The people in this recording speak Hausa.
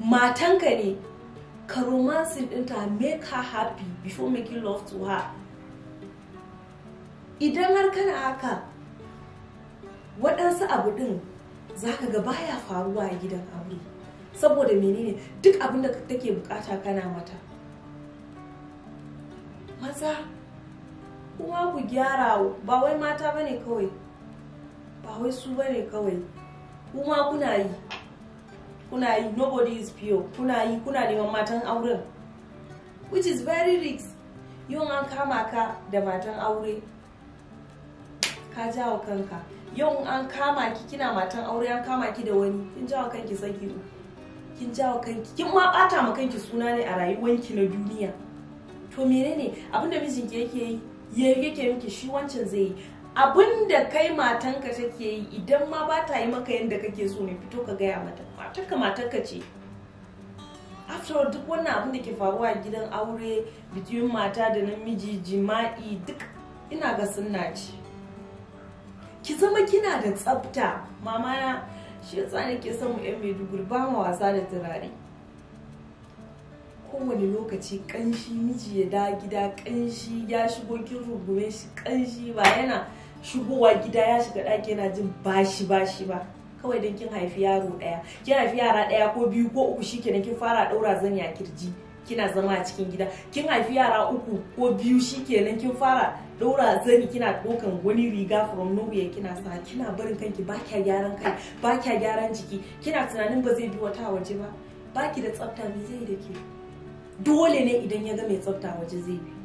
matanka ne ka romance dinta make her happy before making love to her idan har kana haka waɗansu abu ɗin za ka ga baya faruwa a gidan aure saboda menene duk abin da take bukata kana mata maza kuma ku gyara ba wai mata bane kawai ba wai su bane kawai kuma kuna yi kuna yi nobody is pure kuna yi kuna neman matan auren which is very risk yau an kama ka da matan aure ka jawo kanka yau an kama ki kina matan aure an kama ki da wani kin jawo kanki saki kin jawo kanki kin ma bata ma kanki suna ne a rayuwanki na duniya to menene abinda mijinki yake yi yake yake miki shi wancan zai yi abin da kai matanka take yi idan ma ba ta yi maka yadda kake so ne fito ka gaya mata matanka-matanka ce after duk wannan abin da ke faruwa a gidan aure bitiyun mata da namiji jima'i duk ina ga sunna ce ki zama kina da tsafta mama na shi yasa nake son mu yan maiduguri ba mu wasa da turare kowane lokaci kanshi miji ya da gida kanshi ya shigo kin rubume shi kanshi ba yana shigowa gida ya shiga ɗaki yana jin bashi bashi ba kawai don kin haifi yaro ɗaya kin haifi yara ɗaya ko biyu ko uku shikenan kin fara ɗaura zani a kirji kina zama a cikin gida kin haifi yara uku ko biyu shikenan kin fara ɗaura zani kina ɗaukan wani riga from nowhere kina sa kina barin kanki ba kya gyaran kai ba kya gyaran jiki kina tunanin ba zai bi wata waje ba baki da tsafta me zai da ke dole ne idan ya ga mai tsafta waje zai bi